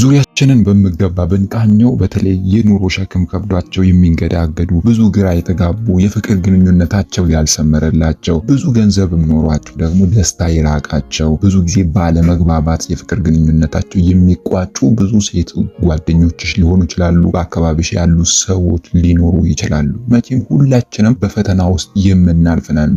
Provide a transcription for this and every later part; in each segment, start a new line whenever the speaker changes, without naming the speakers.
ዙሪያችንን በሚገባ ብንቃኘው በተለይ የኑሮ ሸክም ከብዷቸው የሚንገዳገዱ ብዙ ግራ የተጋቡ የፍቅር ግንኙነታቸው ያልሰመረላቸው ብዙ ገንዘብ ኖሯቸው ደግሞ ደስታ የራቃቸው ብዙ ጊዜ ባለመግባባት የፍቅር ግንኙነታቸው የሚቋጩ ብዙ ሴት ጓደኞችሽ ሊሆኑ ይችላሉ፣ በአካባቢሽ ያሉ ሰዎች ሊኖሩ ይችላሉ። መቼም ሁላችንም በፈተና ውስጥ የምናልፍ ነን።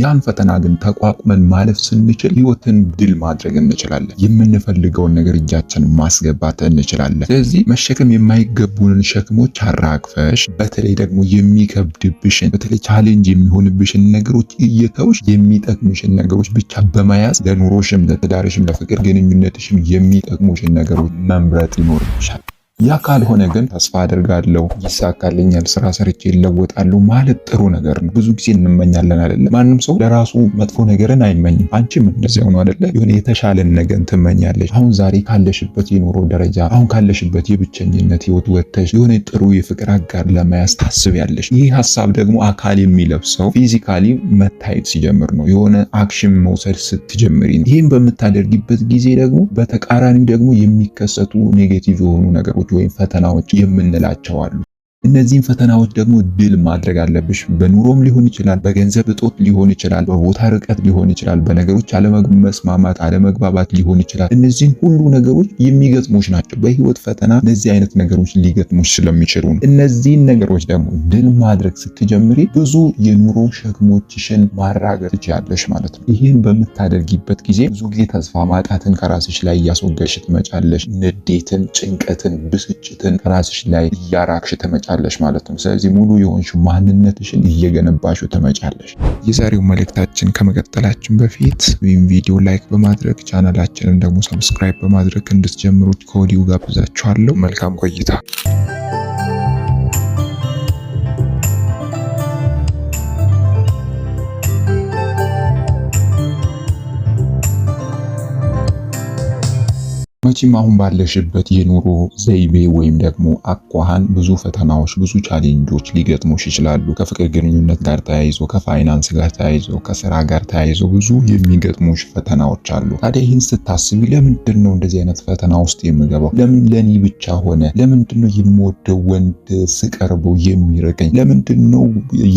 ያን ፈተና ግን ተቋቁመን ማለፍ ስንችል ህይወትን ድል ማድረግ እንችላለን። የምንፈልገውን ነገር እጃችን ማስገባት እንችላለን። ስለዚህ መሸከም የማይገቡንን ሸክሞች አራግፈሽ፣ በተለይ ደግሞ የሚከብድብሽን በተለይ ቻሌንጅ የሚሆንብሽን ነገሮች እየተውሽ የሚጠቅምሽን ነገሮች ብቻ በመያዝ ለኑሮሽም፣ ለትዳርሽም፣ ለፍቅር ግንኙነትሽም የሚጠቅሙሽን ነገሮች መምረጥ ይኖርብሻል። ያ ካልሆነ ግን ተስፋ አድርጋለሁ ይሳካልኛል፣ ስራ ሰርቼ ይለወጣሉ ማለት ጥሩ ነገር ነው። ብዙ ጊዜ እንመኛለን አይደለ? ማንም ሰው ለራሱ መጥፎ ነገርን አይመኝም። አንቺም እንደዚያው ሆኖ አይደለ? የሆነ የተሻለን ነገር ትመኛለች። አሁን ዛሬ ካለሽበት የኑሮ ደረጃ፣ አሁን ካለሽበት የብቸኝነት ህይወት ወጥተሽ የሆነ ጥሩ የፍቅር አጋር ለመያዝ ታስቢያለሽ። ይህ ሀሳብ ደግሞ አካል የሚለብሰው ፊዚካሊ መታየት ሲጀምር ነው። የሆነ አክሽን መውሰድ ስትጀምሪ ነው። ይህም በምታደርጊበት ጊዜ ደግሞ በተቃራኒ ደግሞ የሚከሰቱ ኔጌቲቭ የሆኑ ነገሮች ፈተናዎች ወይም ፈተናዎች የምንላቸው አሉ። እነዚህን ፈተናዎች ደግሞ ድል ማድረግ አለብሽ። በኑሮም ሊሆን ይችላል፣ በገንዘብ እጦት ሊሆን ይችላል፣ በቦታ ርቀት ሊሆን ይችላል፣ በነገሮች አለመስማማት፣ አለመግባባት ሊሆን ይችላል። እነዚህን ሁሉ ነገሮች የሚገጥሙሽ ናቸው። በህይወት ፈተና እነዚህ አይነት ነገሮች ሊገጥሙሽ ስለሚችሉ ነው። እነዚህን ነገሮች ደግሞ ድል ማድረግ ስትጀምሪ ብዙ የኑሮ ሸክሞችሽን ማራገጥ ትችያለሽ ማለት ነው። ይህን በምታደርጊበት ጊዜ ብዙ ጊዜ ተስፋ ማጣትን ከራስሽ ላይ እያስወገድሽ ትመጫለሽ። ንዴትን፣ ጭንቀትን፣ ብስጭትን ከራስሽ ላይ እያራቅሽ ትመጫለሽ። ትደርሳለሽ ማለት ነው። ስለዚህ ሙሉ የሆንሽ ማንነትሽን እየገነባሽ ትመጫለሽ። የዛሬው መልእክታችን ከመቀጠላችን በፊት ወይም ቪዲዮ ላይክ በማድረግ ቻናላችንም ደግሞ ሰብስክራይብ በማድረግ እንድትጀምሩት ከወዲሁ ጋብዛችኋለሁ። መልካም ቆይታ መቼም አሁን ባለሽበት የኑሮ ዘይቤ ወይም ደግሞ አኳኋን ብዙ ፈተናዎች፣ ብዙ ቻሌንጆች ሊገጥሙሽ ይችላሉ። ከፍቅር ግንኙነት ጋር ተያይዞ፣ ከፋይናንስ ጋር ተያይዞ፣ ከስራ ጋር ተያይዞ ብዙ የሚገጥሙሽ ፈተናዎች አሉ። ታዲያ ይህን ስታስቢ ለምንድን ነው እንደዚህ አይነት ፈተና ውስጥ የምገባው? ለምን ለኔ ብቻ ሆነ? ለምንድን ነው የምወደው ወንድ ስቀርበው የሚርቀኝ? ለምንድን ነው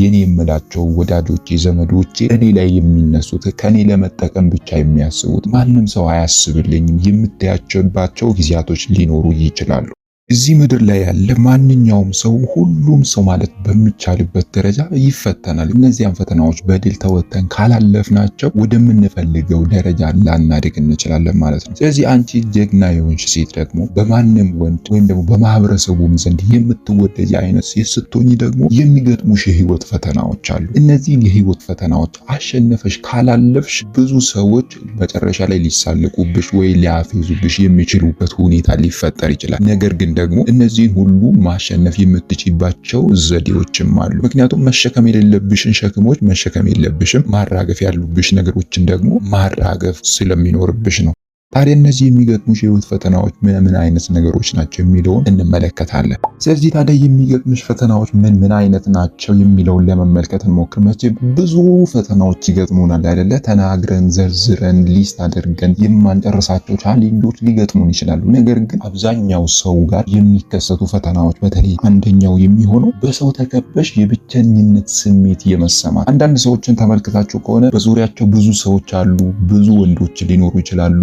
የኔ የምላቸው ወዳጆቼ፣ ዘመዶቼ እኔ ላይ የሚነሱት ከኔ ለመጠቀም ብቻ የሚያስቡት? ማንም ሰው አያስብልኝም የምታያቸው የሚችልባቸው ጊዜያቶች ሊኖሩ ይችላሉ። እዚህ ምድር ላይ ያለ ማንኛውም ሰው ሁሉም ሰው ማለት በሚቻልበት ደረጃ ይፈተናል። እነዚያን ፈተናዎች በድል ተወጥተን ካላለፍናቸው ወደምንፈልገው ደረጃ ላናድግ እንችላለን ማለት ነው። ስለዚህ አንቺ ጀግና የሆንሽ ሴት ደግሞ በማንም ወንድ ወይም ደግሞ በማህበረሰቡም ዘንድ የምትወደጅ አይነት ሴት ስትሆኝ ደግሞ የሚገጥሙሽ የህይወት ፈተናዎች አሉ። እነዚህን የህይወት ፈተናዎች አሸነፈሽ ካላለፍሽ ብዙ ሰዎች መጨረሻ ላይ ሊሳልቁብሽ ወይ ሊያፌዙብሽ የሚችሉበት ሁኔታ ሊፈጠር ይችላል። ነገር ግን ደግሞ እነዚህን ሁሉ ማሸነፍ የምትችልባቸው ዘዴዎችም አሉ። ምክንያቱም መሸከም የሌለብሽን ሸክሞች መሸከም የለብሽም፣ ማራገፍ ያሉብሽ ነገሮችን ደግሞ ማራገፍ ስለሚኖርብሽ ነው። ታዲያ እነዚህ የሚገጥሙሽ የህይወት ፈተናዎች ምን ምን አይነት ነገሮች ናቸው የሚለውን እንመለከታለን። ስለዚህ ታዲያ የሚገጥሙሽ ፈተናዎች ምን ምን አይነት ናቸው የሚለውን ለመመልከት እንሞክር። መቼም ብዙ ፈተናዎች ይገጥሙናል አይደለ? ተናግረን ዘርዝረን ሊስት አድርገን የማንጨርሳቸው ቻሌንጆች ሊገጥሙን ይችላሉ። ነገር ግን አብዛኛው ሰው ጋር የሚከሰቱ ፈተናዎች በተለይ አንደኛው የሚሆነው በሰው ተከበሽ የብቸኝነት ስሜት የመሰማት አንዳንድ ሰዎችን ተመልክታችሁ ከሆነ በዙሪያቸው ብዙ ሰዎች አሉ፣ ብዙ ወንዶች ሊኖሩ ይችላሉ፣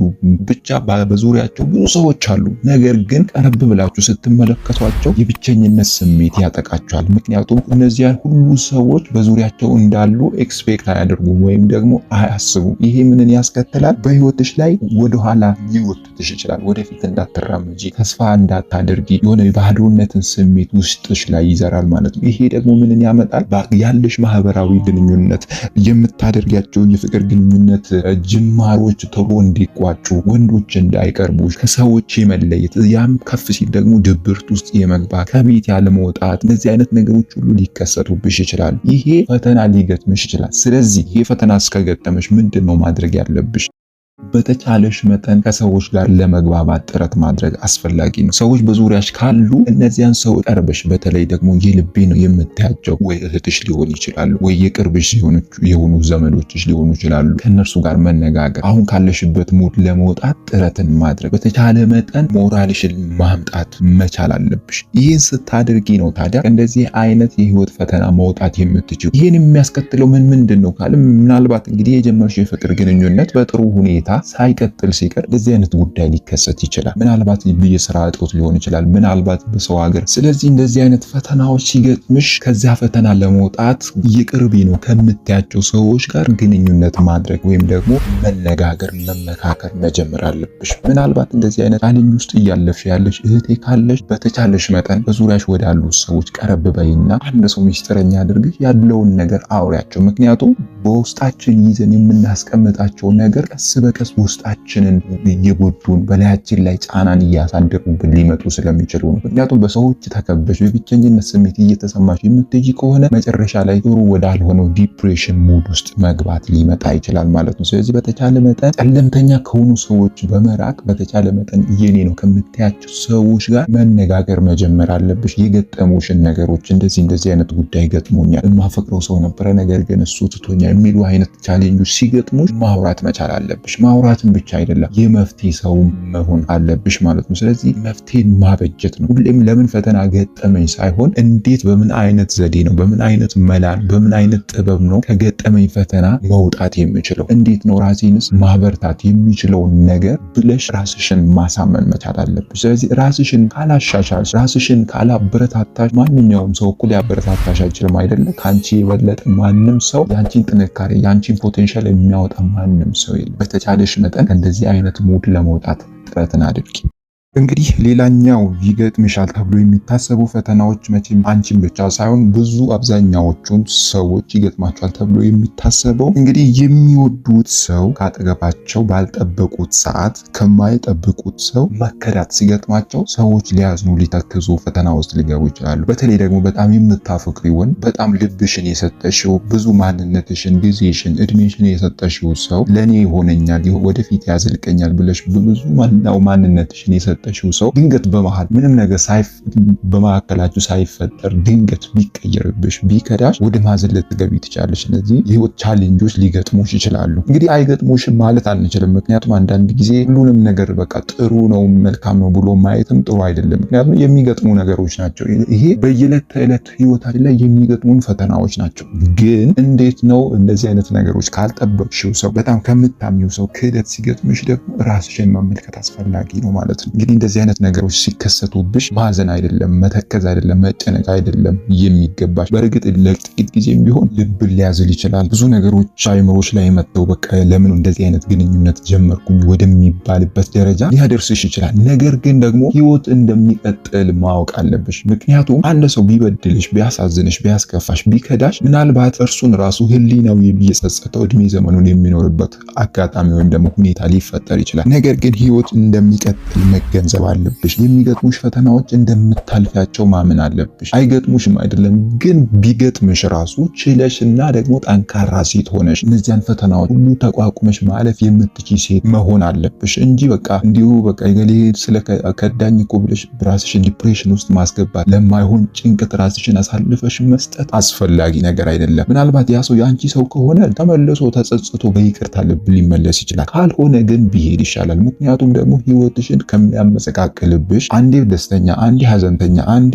ብቻ በዙሪያቸው ብዙ ሰዎች አሉ። ነገር ግን ቀረብ ብላችሁ ስትመለከቷቸው የብቸኝነት ስሜት ያጠቃቸዋል። ምክንያቱም እነዚያን ሁሉ ሰዎች በዙሪያቸው እንዳሉ ኤክስፔክት አያደርጉም ወይም ደግሞ አያስቡም። ይሄ ምንን ያስከትላል? በህይወትሽ ላይ ወደኋላ ሊወትትሽ ይችላል። ወደፊት እንዳትራመጂ፣ ተስፋ እንዳታደርጊ የሆነ የባዶነትን ስሜት ውስጥሽ ላይ ይዘራል ማለት ነው። ይሄ ደግሞ ምንን ያመጣል? ያለሽ ማህበራዊ ግንኙነት፣ የምታደርጊያቸው የፍቅር ግንኙነት ጅማሮች ቶሎ እንዲቋጩ ወንዶች እንዳይቀርቡ ከሰዎች የመለየት ያም ከፍ ሲል ደግሞ ድብርት ውስጥ የመግባት ከቤት ያለመውጣት እነዚህ አይነት ነገሮች ሁሉ ሊከሰቱብሽ ይችላል። ይሄ ፈተና ሊገጥምሽ ይችላል። ስለዚህ ይሄ ፈተና እስከገጠመሽ ምንድን ነው ማድረግ ያለብሽ? በተቻለሽ መጠን ከሰዎች ጋር ለመግባባት ጥረት ማድረግ አስፈላጊ ነው። ሰዎች በዙሪያሽ ካሉ እነዚያን ሰው ቀርበሽ በተለይ ደግሞ የልቤ ነው የምታያቸው ወይ እህትሽ ሊሆን ይችላሉ፣ ወይ የቅርብሽ የሆኑ ዘመዶችሽ ሊሆኑ ይችላሉ። ከእነርሱ ጋር መነጋገር፣ አሁን ካለሽበት ሙድ ለመውጣት ጥረትን ማድረግ፣ በተቻለ መጠን ሞራልሽን ማምጣት መቻል አለብሽ። ይህን ስታደርጊ ነው ታዲያ እንደዚህ አይነት የህይወት ፈተና መውጣት የምትችሉ። ይህን የሚያስከትለው ምን ምንድን ነው ካለ ምናልባት እንግዲህ የጀመርሽ የፍቅር ግንኙነት በጥሩ ሁኔታ ሳይቀጥል ሲቀር እንደዚህ አይነት ጉዳይ ሊከሰት ይችላል። ምናልባት የስራ እጦት ሊሆን ይችላል፣ ምናልባት በሰው ሀገር። ስለዚህ እንደዚህ አይነት ፈተናዎች ሲገጥምሽ ከዚያ ፈተና ለመውጣት የቅርቢ ነው ከምታያቸው ሰዎች ጋር ግንኙነት ማድረግ ወይም ደግሞ መነጋገር፣ መመካከር መጀመር አለብሽ። ምናልባት እንደዚህ አይነት ቻሌንጅ ውስጥ እያለፍሽ ያለሽ እህቴ ካለሽ በተቻለሽ መጠን በዙሪያሽ ወዳሉ ሰዎች ቀረብ በይና አንድ ሰው ሚስጥረኛ አድርግሽ ያለውን ነገር አውሪያቸው። ምክንያቱም በውስጣችን ይዘን የምናስቀምጣቸው ነገር ቀስ በቀስ ውስጣችንን እየጎዱን በላያችን ላይ ጫናን እያሳደሩብን ሊመጡ ስለሚችሉ ነው። ምክንያቱም በሰዎች ተከበሽ የብቸኝነት ስሜት እየተሰማሽ የምትይ ከሆነ መጨረሻ ላይ ጥሩ ወዳልሆነው ዲፕሬሽን ሙድ ውስጥ መግባት ሊመጣ ይችላል ማለት ነው። ስለዚህ በተቻለ መጠን ጨለምተኛ ከሆኑ ሰዎች በመራቅ በተቻለ መጠን እየኔ ነው ከምታያቸው ሰዎች ጋር መነጋገር መጀመር አለብሽ። የገጠሙሽን ነገሮች እንደዚህ እንደዚህ አይነት ጉዳይ ገጥሞኛል፣ የማፈቅረው ሰው ነበረ፣ ነገር ግን እሱ ትቶኛል የሚሉ አይነት ቻሌንጆች ሲገጥሙሽ ማውራት መቻል አለብሽ። ማውራትን ብቻ አይደለም የመፍትሄ ሰውም መሆን አለብሽ ማለት ነው። ስለዚህ መፍትሄን ማበጀት ነው። ሁሌም ለምን ፈተና ገጠመኝ ሳይሆን እንዴት በምን አይነት ዘዴ ነው በምን አይነት መላን በምን አይነት ጥበብ ነው ከገጠመኝ ፈተና መውጣት የምችለው እንዴት ነው ራሴንስ ማበርታት የሚችለውን ነገር ብለሽ ራስሽን ማሳመን መቻል አለብሽ። ስለዚህ ራስሽን ካላሻሻልሽ፣ ራስሽን ካላበረታታሽ ማንኛውም ሰው እኩል ያበረታታሽ አይችልም አይደለ? ከአንቺ የበለጠ ማንም ሰው የአንቺን ጥንካሬ የአንቺን ፖቴንሻል የሚያወጣ ማንም ሰው የለም። በተቻለሽ በተቻለሽ መጠን ከእንደዚህ አይነት ሙድ ለመውጣት ጥረትን አድርጊ። እንግዲህ ሌላኛው ይገጥምሻል ተብሎ የሚታሰቡ ፈተናዎች መቼም አንቺን ብቻ ሳይሆን ብዙ አብዛኛዎቹን ሰዎች ይገጥማቸዋል ተብሎ የሚታሰበው እንግዲህ የሚወዱት ሰው ካጠገባቸው ባልጠበቁት ሰዓት ከማይጠብቁት ሰው መከዳት ሲገጥማቸው ሰዎች ሊያዝኑ፣ ሊተክዙ፣ ፈተና ውስጥ ሊገቡ ይችላሉ። በተለይ ደግሞ በጣም የምታፈቅሪ ወን በጣም ልብሽን የሰጠሽው ብዙ ማንነትሽን፣ ጊዜሽን፣ እድሜሽን የሰጠሽው ሰው ለእኔ ይሆነኛል፣ ወደፊት ያዝልቀኛል ብለሽ ብዙ ማንነትሽን የሰጠ የሰጠችው ሰው ድንገት በመሃል ምንም ነገር በመካከላችሁ ሳይፈጠር ድንገት ቢቀየርብሽ ቢከዳሽ ወደ ማዘን ልትገቢ ትችላለች። ስለዚህ የህይወት ቻሌንጆች ሊገጥሙሽ ይችላሉ። እንግዲህ አይገጥሙሽ ማለት አንችልም። ምክንያቱም አንዳንድ ጊዜ ሁሉንም ነገር በቃ ጥሩ ነው መልካም ነው ብሎ ማየትም ጥሩ አይደለም። ምክንያቱም የሚገጥሙ ነገሮች ናቸው። ይሄ በየዕለት ተዕለት ህይወታችን ላይ የሚገጥሙን ፈተናዎች ናቸው። ግን እንዴት ነው እንደዚህ አይነት ነገሮች ካልጠበቅሽው ሰው በጣም ከምታሚው ሰው ክህደት ሲገጥምሽ ደግሞ ራስሽን መመልከት አስፈላጊ ነው ማለት ነው። እንግዲህ እንደዚህ አይነት ነገሮች ሲከሰቱብሽ ማዘን አይደለም መተከዝ አይደለም መጨነቅ አይደለም የሚገባሽ። በእርግጥ ለጥቂት ጊዜም ቢሆን ልብን ሊያዝል ይችላል። ብዙ ነገሮች አይምሮች ላይ መጥተው በቃ ለምን እንደዚህ አይነት ግንኙነት ጀመርኩኝ ወደሚባልበት ደረጃ ሊያደርስሽ ይችላል። ነገር ግን ደግሞ ህይወት እንደሚቀጥል ማወቅ አለብሽ። ምክንያቱም አንድ ሰው ቢበድልሽ፣ ቢያሳዝንሽ፣ ቢያስከፋሽ፣ ቢከዳሽ ምናልባት እርሱን ራሱ ህሊናው የሚጸጸተው እድሜ ዘመኑን የሚኖርበት አጋጣሚ ወይም ደግሞ ሁኔታ ሊፈጠር ይችላል። ነገር ግን ህይወት እንደሚቀጥል መገ ገንዘብ አለብሽ። የሚገጥሙሽ ፈተናዎች እንደምታልፊያቸው ማመን አለብሽ። አይገጥሙሽም አይደለም ግን ቢገጥምሽ ራሱ እና ደግሞ ጠንካራ ሴት ሆነሽ እነዚያን ፈተናዎች ሁሉ ተቋቁመሽ ማለፍ የምትች ሴት መሆን አለብሽ እንጂ በቃ እንዲሁ በቃ የገሌ ስለከዳኝ እኮ ብለሽ ራስሽን ዲፕሬሽን ውስጥ ማስገባት ለማይሆን ጭንቀት ራስሽን አሳልፈሽ መስጠት አስፈላጊ ነገር አይደለም። ምናልባት ያ ሰው የአንቺ ሰው ከሆነ ተመልሶ ተጸጽቶ በይቅርታ ልብ ሊመለስ ይችላል። ካልሆነ ግን ቢሄድ ይሻላል። ምክንያቱም ደግሞ ህይወትሽን ከሚያ የሚያመሰቃቅልብሽ፣ አንዴ ደስተኛ፣ አንዴ ሀዘንተኛ አንዴ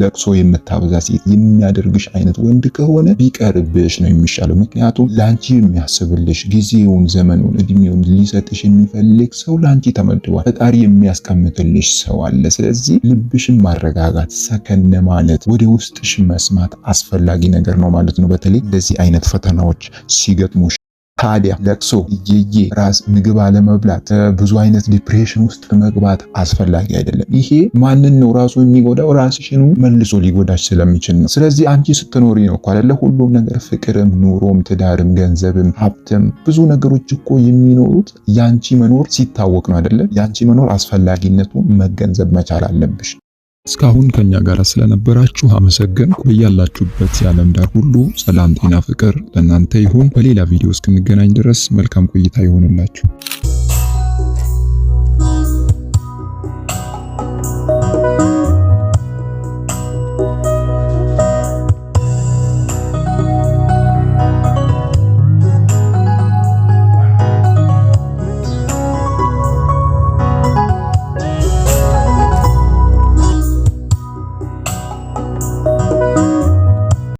ለቅሶ የምታበዛ ሴት የሚያደርግሽ አይነት ወንድ ከሆነ ቢቀርብሽ ነው የሚሻለው። ምክንያቱም ለአንቺ የሚያስብልሽ ጊዜውን፣ ዘመኑን፣ እድሜውን ሊሰጥሽ የሚፈልግ ሰው ለአንቺ ተመድቧል። ፈጣሪ የሚያስቀምጥልሽ ሰው አለ። ስለዚህ ልብሽን ማረጋጋት፣ ሰከነ ማለት ወደ ውስጥሽ መስማት አስፈላጊ ነገር ነው ማለት ነው። በተለይ እንደዚህ አይነት ፈተናዎች ሲገጥሙሽ ታዲያ ለቅሶ፣ እየዬ፣ ራስ ምግብ አለመብላት፣ ብዙ አይነት ዲፕሬሽን ውስጥ መግባት አስፈላጊ አይደለም። ይሄ ማንን ነው ራሱ የሚጎዳው? ራስሽኑ መልሶ ሊጎዳች ስለሚችል ነው። ስለዚህ አንቺ ስትኖሪ ነው እኮ አይደለ ሁሉም ነገር ፍቅርም፣ ኑሮም፣ ትዳርም፣ ገንዘብም፣ ሀብትም ብዙ ነገሮች እኮ የሚኖሩት ያንቺ መኖር ሲታወቅ ነው አይደለም? ያንቺ መኖር አስፈላጊነቱ መገንዘብ መቻል አለብሽ። እስካሁን ከኛ ጋር ስለነበራችሁ አመሰገንኩ። በያላችሁበት የዓለም ዳር ሁሉ ሰላም፣ ጤና፣ ፍቅር ለእናንተ ይሁን። በሌላ ቪዲዮ እስክንገናኝ ድረስ መልካም ቆይታ ይሆንላችሁ።